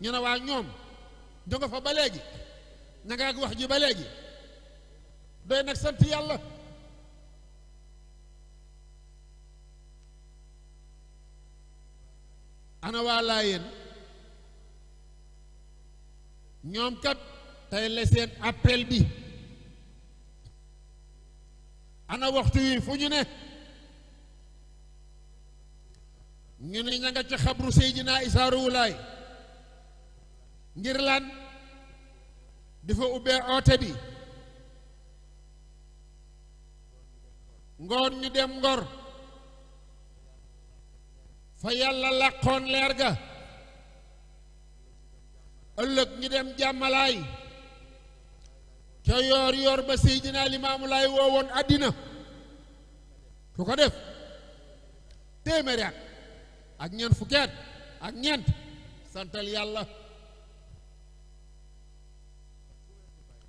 ñu ne waa ñoom jóge fa ba léegi ña nga ak wax ji ba léegi doy nag sant yàlla ana waa laayeen ñoom kat tey la seen appel bi ana waxtu wi fu ñu ne ñu ne ña nga ca xabru Seydina Isaa Ruuhu Laay ngir lan dafa ubbee oote bi ngoon ñu dem ngor fa yàlla làqoon leer ga ëllëg ñu dem jàmmalaay ca yoor yoor ba Seydina Limaamu Laay woowoon àddina ku ko def téeméeri at ak ñeent fukki ak ñeent santal yàlla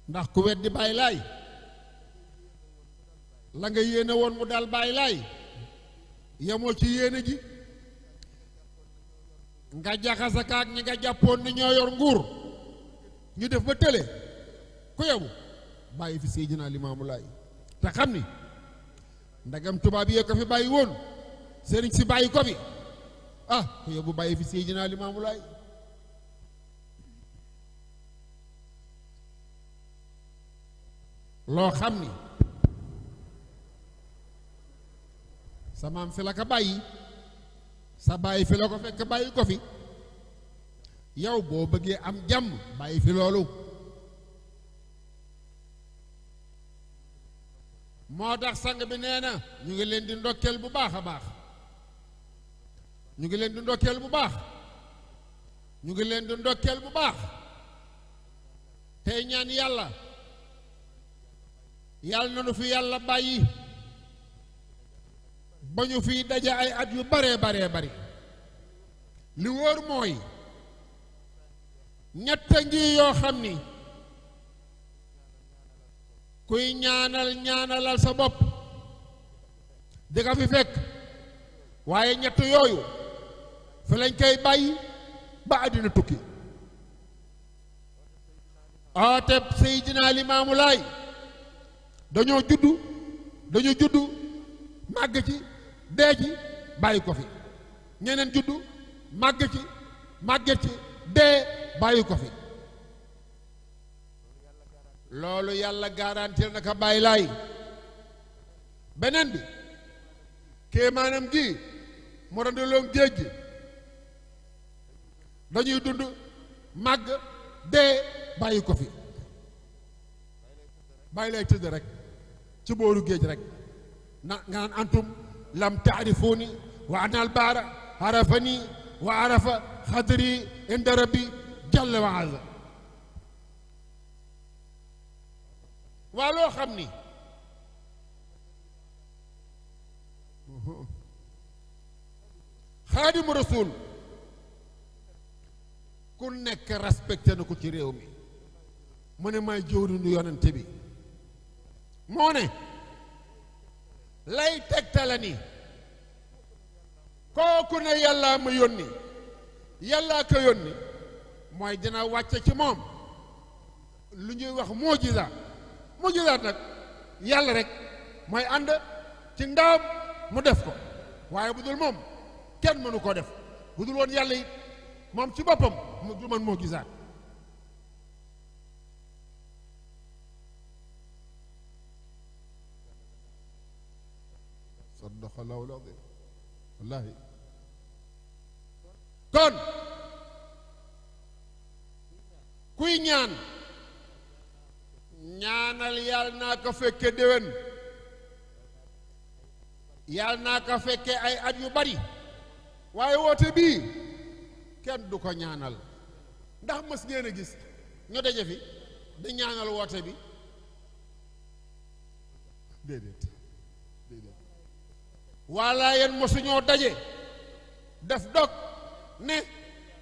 ndax ku weddi bàyyi laay la nga yéene woon mu daal bàyyi laay yemoo ci yéene ji nga jaxasakaak ñi nga jàppoon ni ñoo yor nguur ñu def ba tële ku yebu bàyyi fi Seydina Limaamu Laay te xam ni ndegam tubaab yee ko fi bàyyi woon sëriñ si bàyyi ko fi ah ku yebu bàyyi fi Seydina Limaamu Laay loo xam ni sa maam fi la ko bàyyi sa bàyyi fi la ko fekk bàyyi ko fi yow boo bëggee am jàmm bàyyi fi loolu moo tax sang bi nee na ñu ngi leen di ndokkeel bu baax a baax ñu ngi leen di ndokkeel bu baax ñu ngi leen di bu baax tey ñaan yàlla yàlla na nu fi yàlla bàyyi ba ñu fiy daje ay at yu baree baree bari li wóor mooy ñett ngi yoo xam ni kuy ñaanal ñaanalal sa bopp di fi fekk waaye ñett yooyu fi lañ koy bàyyi ba àddina tukki ooteb Seydina Limaamu Laay dañoo juddu dañu juddu màgg ci dee ci bàyyi ko fi ñeneen juddu màgg ci màgget ci dee bàyyi ko fi loolu yàlla garantir naka bàyyi lay beneen bi kéemaanam gi mu randaloon géej gi dañuy dund màgg dee bàyyi ko fi bàyyi lay tëdd rek ci booru géej rekk na nga naan antum lam taarifuuni wa ana albaara arafani wa arafa xadri inda rabbi jalla wa waa loo xam ni xaadimu rasul ku nekk respecté ko ci réew mi mu ne may jëwriñu yonente bi moo ne lay tegtale ni kooku ne yàllaa ma yónni yàllaa ko yónni mooy dina wàcce ci moom lu ñuy wax mujisaat mujisaat nag yàlla rek mooy ànd ci ndawam mu def ko waaye bu dul moom kenn mënu koo def bu dul woon yàlla it moom ci boppam du mën mujisaat sadaqa allahu al-azim wallahi kon kuy ñaan ñaanal yàlla naa ko fekke déwén yàlla naa ko fekke ay at yu bari waaye woote bii kenn du ko ñaanal ndax mës ngeen gis ñu daje fi di ñaanal woote bi walla yéen mosuñoo daje def dog ne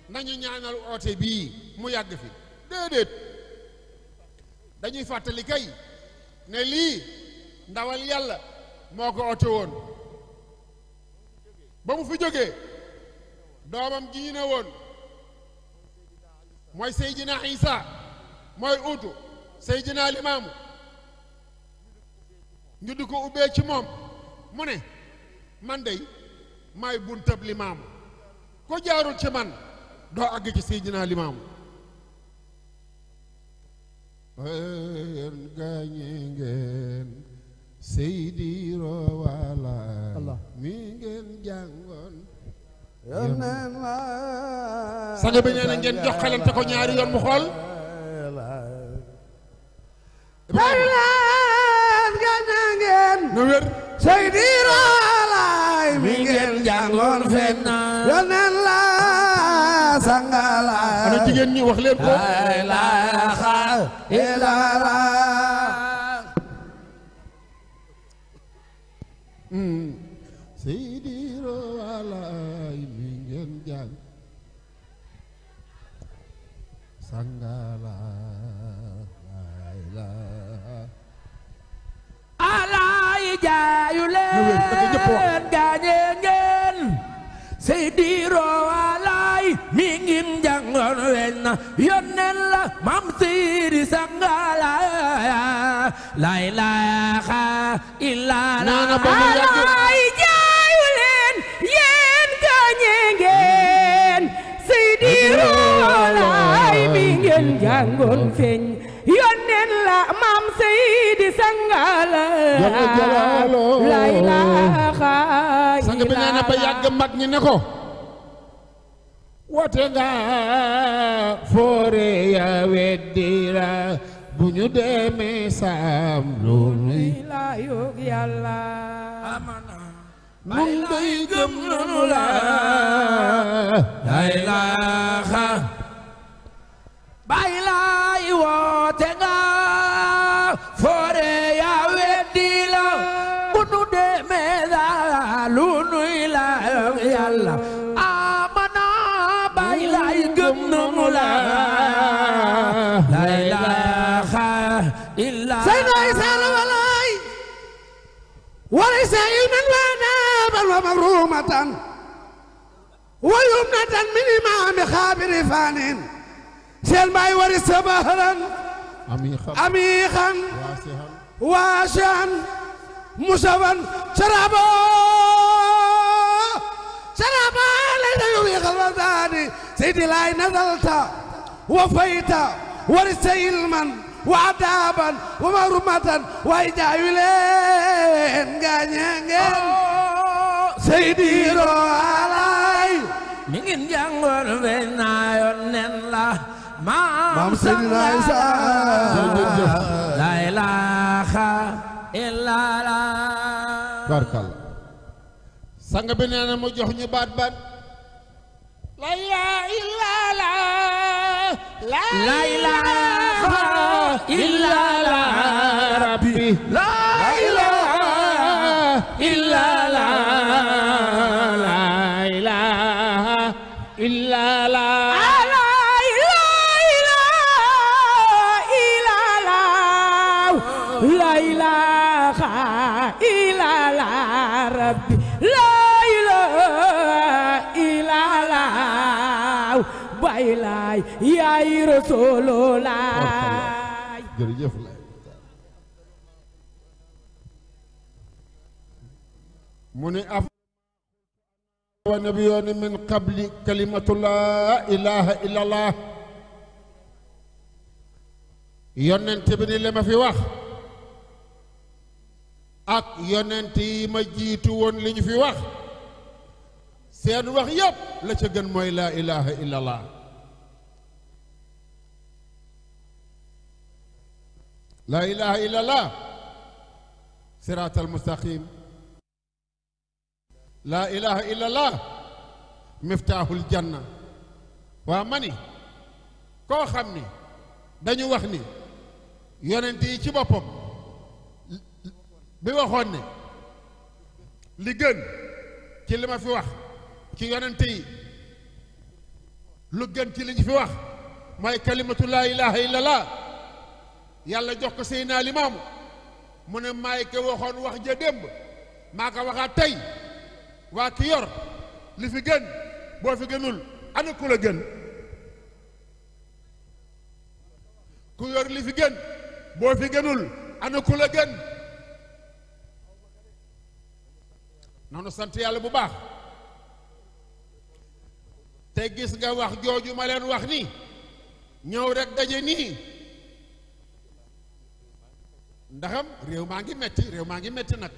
nañu ñaanal oote bii mu yàgg fi déedéet dañuy fàttali kay ne lii ndawal yàlla moo ko oote woon ba mu fi jógee doomam ji ñu woon mooy Seydina Isa mooy uutu naa Limaamu ñu di ko ubbee ci moom mu ne man dey maay buntab limaamu ko jaarul ci man doo àgg ci Seydina Limaamu yéen gaañe ngeen Seydi Rawala ko ñaari yoon mu xool lan gaañe ngeen na wér Seydi Rawala ngoon feeñ na yoneen la sangala ana jigéen ñi wax leen ko la ilaha illallah hmm. seydi roalaay mi ngeen jàng sangala la ilaha alaay jaayuleen gaañee ngeen diiroo waalaay mi ngi jàngoon weñ na yónneen la mam siiri sangala la ilaha illa la alaay jaayu leen yéen gaañe ngeen siy diiroo waalaay mi ngeen jàngoon feeñ yónneen la mam siiri sangala la ilaha sang bi nee na ba yàgg mag ñi ne ko woote nga foore ya weddi la bu ñu demee saam loolu la yoog yàlla amana mun day gëm nanu la رحمة ويمنة من إمام خابر فان سيل باي ورث بهرا أميخا واسعا مصابا شرابا شرابا لن يغيق الوزان سيدي لا نزلت وفيت ورث علما وعذابا ومرمة وإجا يلين غانيا seydi roalaay mi ngin jàngoon wey naayoon nen la maam Seydina na mu la ilaha illa la la ilaha rabbi laay yaay rasulu laay jërëjëf laay mu ni af wa nabiyoon min qabli kalimatu laa ilaha illa allah yonent bi ni li ma fi wax ak yonent yi ma jiitu woon li ñu fi wax seen wax yépp la ca gën mooy laa ilaha illa allah laa ilaha illa allah siraat almustaqim laa ilaha illa allah miftaaxul waa ma ni koo xam ni dañu wax ni yonent yi ci boppam bi waxoon ne li gën ci li ma fi wax ci yonent yi lu gën ci li ñu fi wax mooy kalimatu laa ilaha illa yàlla jox ko Seydina Limaamu mu ne maay ke waxoon wax ja démb maa ko waxaat tey waa ki yor li fi gën boo fi gënul ana ku gën ku yor li fi gën boo fi gënul ana ku la gën nanu sant yàlla bu baax te gis nga wax jooju ma leen wax ni ñëw rekk daje nii ndaxam réew maa ngi metti réew maa ngi metti nag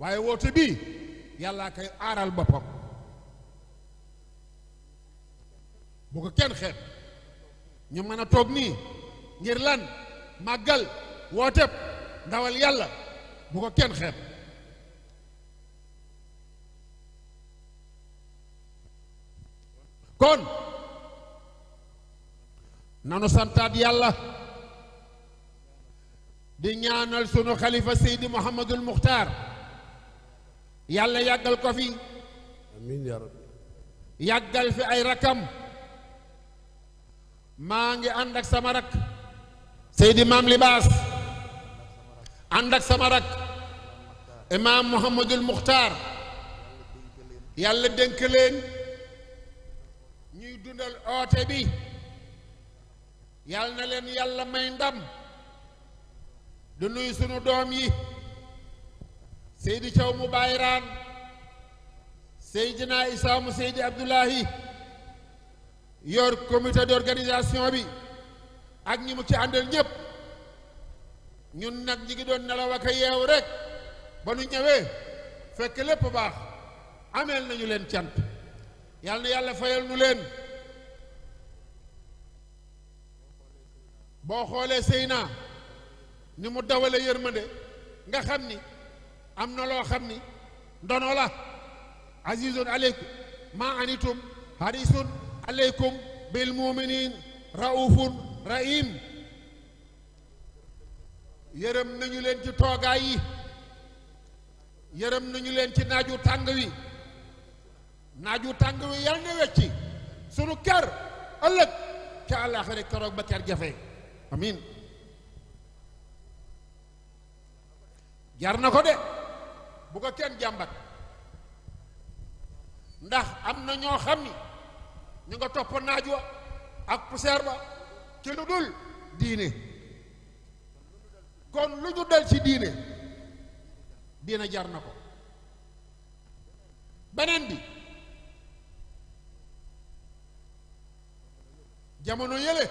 waaye woote bii yàllaa koy aaral boppam bu ko kenn xeet ñu mën a toog nii ngir lan màggal wooteb ndawal yàlla bu ko kenn xeet kon nanu santaat yàlla di ñaanal sunu xalifa Seydi Mouhamadul Muxtaar yàlla yàggal ko fi amiin fi ay rakam maa ngi ànd ak sama rak Seydi Maam Libaas ànd ak sama rak imaam Mouhamadul Muxtaar yàlla dénk leen ñuy dundal oote bi yàlla na leen yàlla may ndam du nuyu sunu doom yi Seydi Thiaw mu Bayraan Seydina Issa mu Seydi Abdoulahi yor comité d'organisation bi ak ñi mu ci àndal ñépp ñun nag ñi ngi doon nelaw ak a yeew ba nu ñëwee fekk lépp baax ameel nañu leen cant yàlla na yàlla fayal nu leen boo xoolee Seyna ni mu dawale yërmande nga xam ni am na loo xam ni ndono la azizun aleykum ma anitum harisun aleykum bil muminin raufun rahim yërëm nañu leen ci toogaay yi yërëm nañu leen ci naaju tàng wi naaju tàng wi yal na wecci sunu kër ëllëg ca àllaaxira keroog ba kër jafe amin jar na ko de bu ko kenn jàmbat ndax am na ñoo xam ni ñu nga topp naaj wa ak poussière ba ci lu dul diine kon lu ñu dal ci diine diine jar na ko beneen bi jamono yële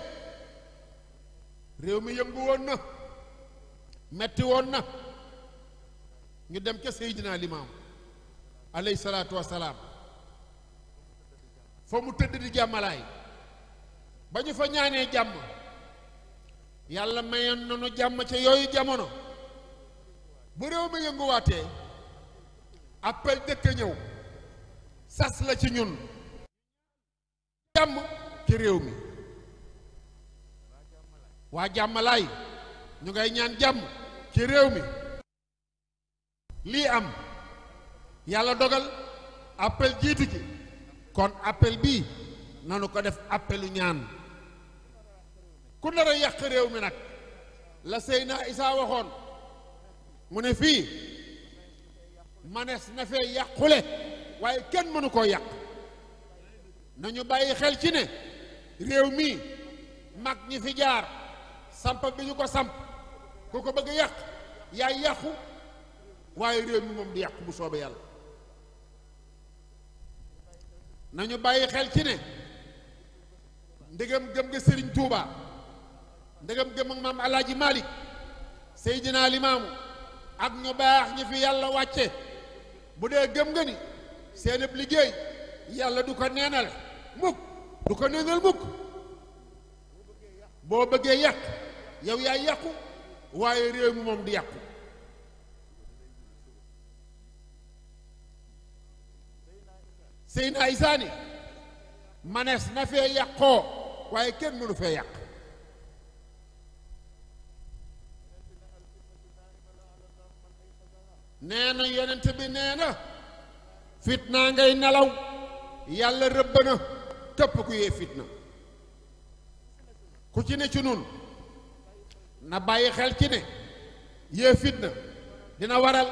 réew mi yëngu woon na metti woon na ñu dem ca Seydina Limaam alayhi salaatu wasalaam fa mu tëdd di jàmmalaay ba ñu fa ñaanee jàmm yàlla mayoon nañu jàmm ca yooyu jamono bu réew mi yënguwaatee appel dëkk ñëw sas la ci ñun jàmm ci réew mi waa jàmmalaay ñu ngay ñaan jàmm ci réew mi lii am yàlla dogal appel jiitu ji kon appel bii nanu ko def appelu ñaan ku nar a yàq réew mi nag la Seydina Isaa waxoon mu ne fii manees na fee yàqule waaye kenn mënu koo yàq nañu bàyyi xel ci ne réew mii mag ñi fi jaar samp bi ñu ko sàmp ku ko bëgg yàq yaa yàqu waaye réew mi moom du yàqu bu soobee yàlla nañu bàyyi xel ci ne ndegam gëm nga Serigne Touba ndegam gëm ak maam Alaaji Malick Seydina Limaamu ak ñu baax ñi fi yàlla wàcce bu dee gëm nga ni seen ab liggéey yàlla du ko neenal mukk du ko neenal mukk boo bëggee yàq yow yaay yàqu waaye réew mi moom du yàqu sëy na saani manees na fee yàqoo waaye kenn mënu fee yàq nee na yonent bi nee na fitna ngay nelaw yàlla rëbb na képp ku yee fitna ku ci ne ci nun na bàyyi xel ci ne yee fitna dina waral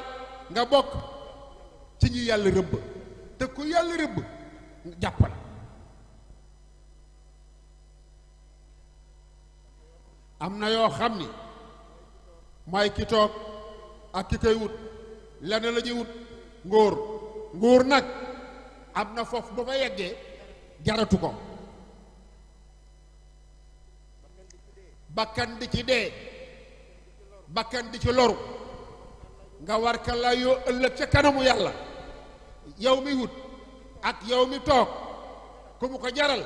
nga bokk ci ñu yàlla rëbb te ku yàlla rëbb jàpp am na yoo xam ni mooy ki toog ak ki wut lenn la ñuy wut nguur nguur nag am na foofu ba fa yeggee jaratu ko bakkan di ci dee bakkan ci loru nga war ka la yoo ëllëg ca kanamu yàlla yow mi wut ak yow mi toog ku mu ko jaral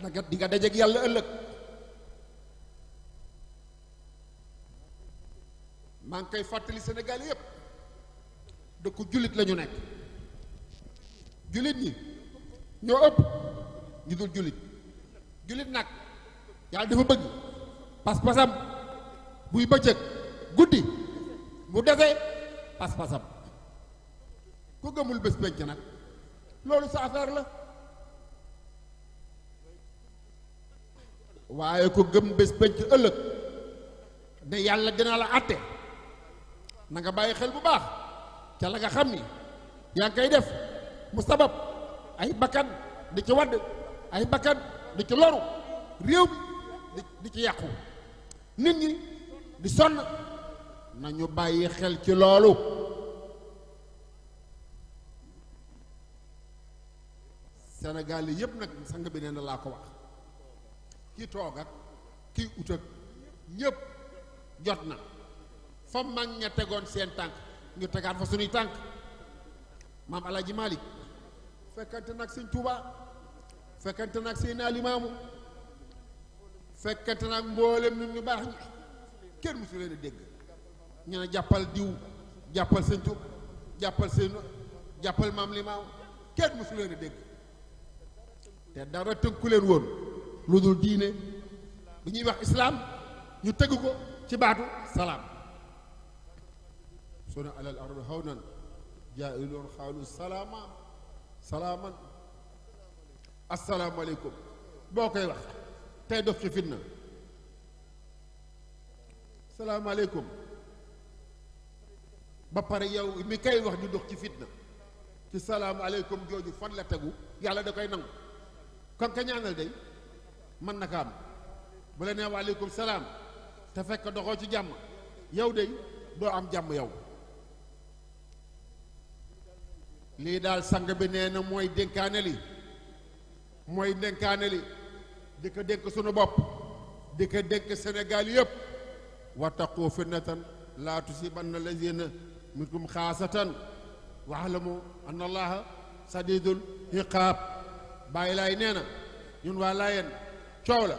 nanga di nga dajeek yàlla ëllëg maa ngi koy fàttali senegal yépp dëkku jullit la ñu nekk jullit ñi ñoo ëpp ñu dul jullit jullit nag yàlla dafa bëgg pas-pasam buy bëccëg guddi mu dese pas-pasam ku gëmul bés penc nag loolu sa la waaye ko gëm bés penc ëllëg ne yàlla dina la àtte na nga bàyyi xel bu baax ca la nga xam ni yaa ngi koy def mu sabab ay bakkan di ci wadd ay bakkan di ci loru réew mi di ci yàqu nit ñi di sonn nañu bàyyi xel ci loolu Sénégal yi yëpp nag sang beneen laa ko wax ki toog ak ki ut jot na fa mag ña tegoon seen tànk ñu tegaat fa suñuy tànk maam Alaaji Malik fekkante nag sëñ Tuuba fekkante nag seen alimaamu fekkante nag mboolem ñun ñu baax ñi kenn musu leen a dégg ñu jàppal diw jàppal sëñ Tuuba jàppal seen jàppal maam limaamu kenn musu leen a dégg te dara tënku leen woon lu dul diine bu ñuy wax islaam ñu tëgg ko ci baatu salaam suna alal ardi hawnan jaa'iluun xaalu salaama salaaman asalaamaaleykum boo koy wax tey dox ci ba pare yow mi kay wax di dox ci fitna ci salaamaaleykum jooju fan la tegu yàlla da koy nangu kon ka ñaanal mën na ka am bu la nee salaam te fekk doxoo ci jàmm yow day doo am jàmm yow lii daal sang bi nee na mooy dénkaane li mooy dénkaane li di ko dénk sunu bopp di ko dénk Sénégal yëpp wattaqu fitnatan laa tusibanna lazina minkum xaasatan wa alamu anna allaha sadidul iqaab bàyyi laay nee na ñun waa laayeen coow la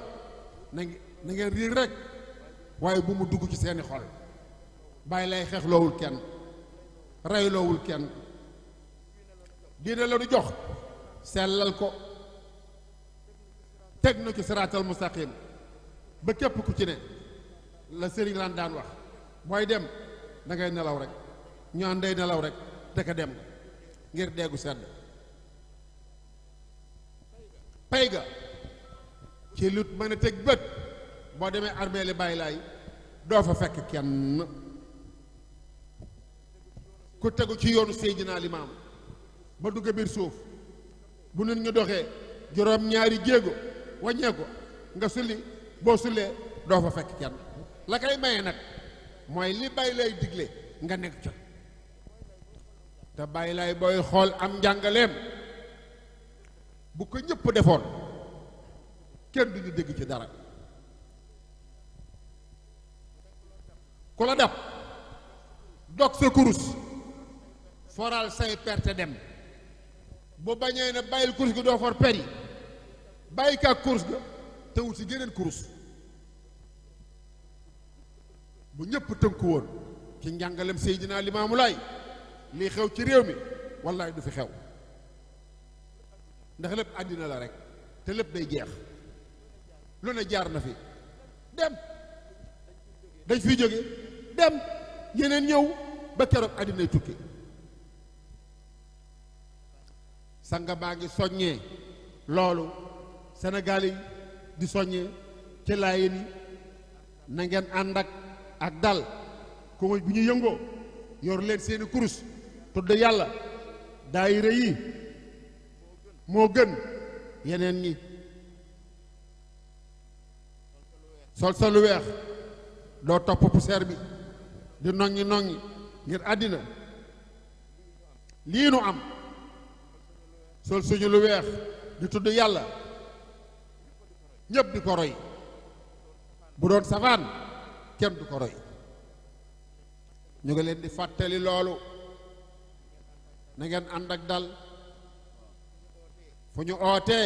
na na ngeen riir rek waaye bu mu dugg ci seeni xol bàyyi lay xeex kenn rey kenn diine la du jox sellal ko teg na ci siraatal mustaqim ba képp ku ci ne la sëriñ lan daan wax booy dem da ngay nelaw rek ñaan day nelaw rek te dem ngir déggu sedd pay ga ci lut mën a teg bët boo demee armeeli bàyyi laay doo fa fekk kenn ku tegu ci yoonu Seydina Limaam ba dugg biir suuf bu nit ñu doxee juróom ñaari jéego wàññee ko nga sulli boo sullee doo fa fekk kenn la koy maye nag mooy li bàyyi lay digle nga nekk ca te bàyyi laay booy xool am njàngaleem bu ko ñëpp defoon kenn duñu dégg ci dara ku la dab dog sa kurus foral say perte dem bu bañee ne bàyyil kurus gi doo for per yi bàyyi kaak kurus ga te wut si geneen kurus bu ñëpp tënku woon ci njàngalem Seydina Limaamu Laay lii xew ci réew mi wallaay du fi xew ndax lépp àddina la rek te lépp day jeex lu ne jaar na fi dem dañ fiy jóge dem ñeneen ñëw ba keroog àddinay tukki sanga baa ngi soññee loolu Sénégal di soññee ci laayin yi na ngeen ànd ak ak dal ko bi ñu yëngoo yor leen seeni kurus tudd yàlla daayira yi moo gën yeneen ñi sol sa lu weex doo topp poussière bi di noŋi noŋi ngir àddina lii nu am sol suñu lu weex di tudd yàlla ñépp di ko roy bu doon safaan kenn du ko roy ñu ngi leen di fàttali loolu na ngeen ànd ak dal fu ñu ootee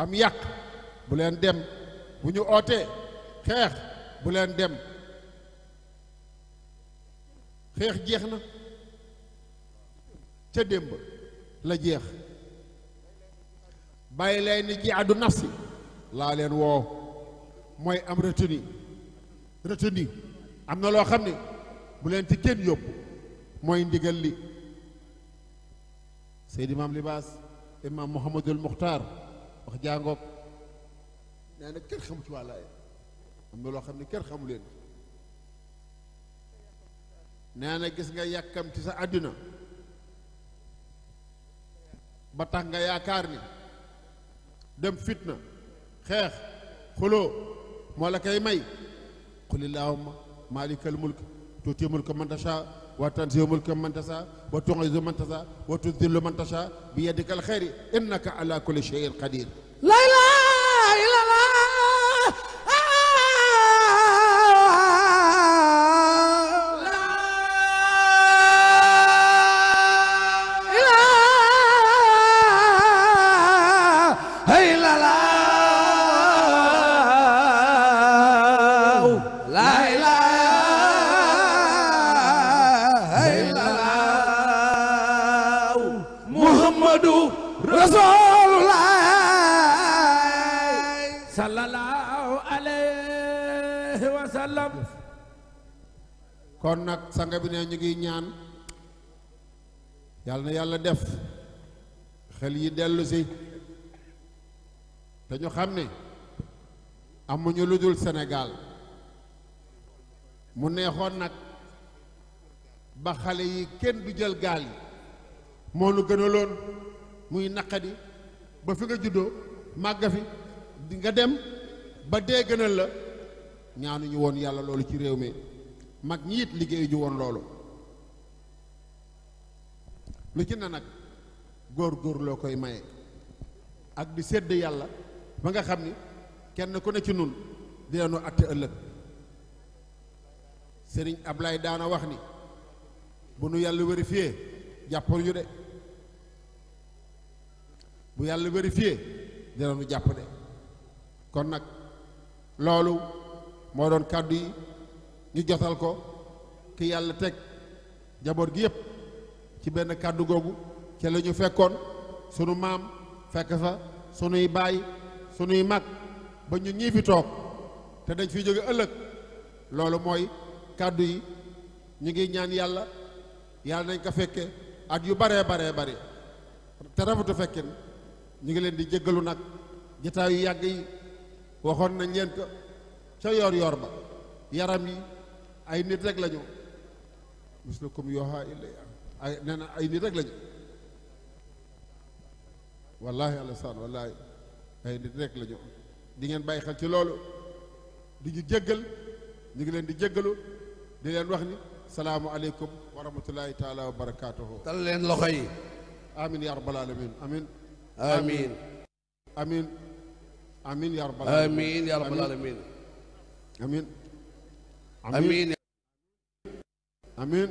am yàq bu leen dem bu ñu ootee xeex bu leen dem xeex jeex na ca démb la jeex bàyyi lay ni jihaadu nafsi laa leen woo mooy am retenu retenu am na loo xam ne bu leen ci kenn yóbbu mooy ndigal li Seydi Maam Libaas imam Mouhamadul Muxtaar wax jàngoog nee na kenn xamu ci waa am na loo xam ne kenn xamu leen nee na gis nga yàkkamti sa àddina ba tax nga yaakaar ni dem fitna xeex xuloo moo la koy may qul maalikal mulk tuuti mulka man tashaa wa tanzi'u mulka mimman tashaa wa tu'izzu man tashaa wa tudhillu man tashaa bi yadika al-khayr innaka ala kulli shay'in qadir sang ñu ngi ñaan yàlla na yàlla def xel yi dellusi si dañu xam ne amuñu lu dul Sénégal mu neexoon nag ba xale yi kenn du jël gaal yi moo nu gënaloon muy naqadi ba fi nga juddoo màgg fi dinga dem ba dee gënal la ñaanuñu woon yàlla loolu ci réew mi mag ñi liggéeyu liggéey woon loolu lu ci na nag góor góorloo koy maye ak di sédd yàlla ba nga xam ni kenn ku ne ci nun nu àtte ëllëg sëriñ Ablaay daana wax ni bu nu yàlla vérifié jàppal ñu de bu yàlla vérifié dinañu jàpp de kon nag loolu moo doon kàddu yi ñu jotal ko ki yàlla teg jaboot gi yépp ci benn kàddu googu ca la ñu fekkoon sunu maam fekk sa sunuy baay sunuy mag ba ñu ñii fi toog te dañ fi jóge ëllëg loolu mooy kàddu yi ñu ngi ñaan yàlla yàlla nañ ko fekke at yu baree baree bare te rafetu fekken ñu ngi leen di jéggalu nag jataayu yàgg yi waxoon nañ leen ko ca yoor yoor ba yaram yi ay nit rek lañu mislukum yooxaa ilayya ay nee na ay nit rek lañu wallaahi alasaan wallaahi ay nit rek lañu di ngeen bàyyi xel ci loolu di ñu jéggal ñu ngi leen di jéggalu di leen wax ni salaamu wa rahmatulahi taala wa barakaatuhu. loxo yi. amiin yaa rabbal aalamiin amiin. amiin. amiin. amiin yaa amiin amiin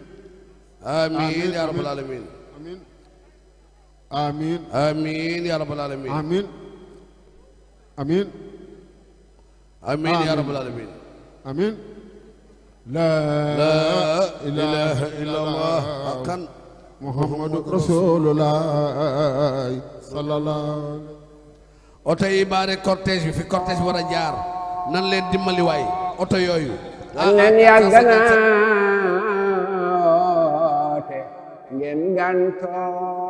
amiin yaa rabbal aalamiin amiin amiin amiin yaa rabbal amiin amiin laa ilaaha illallaah kan muhammadu rasuulullaah sallallaahu oto yi baare cortège bi fi cortège war a jaar nan leen dimbali waay oto yooyu nan yàgg naa te ngeen gàntoo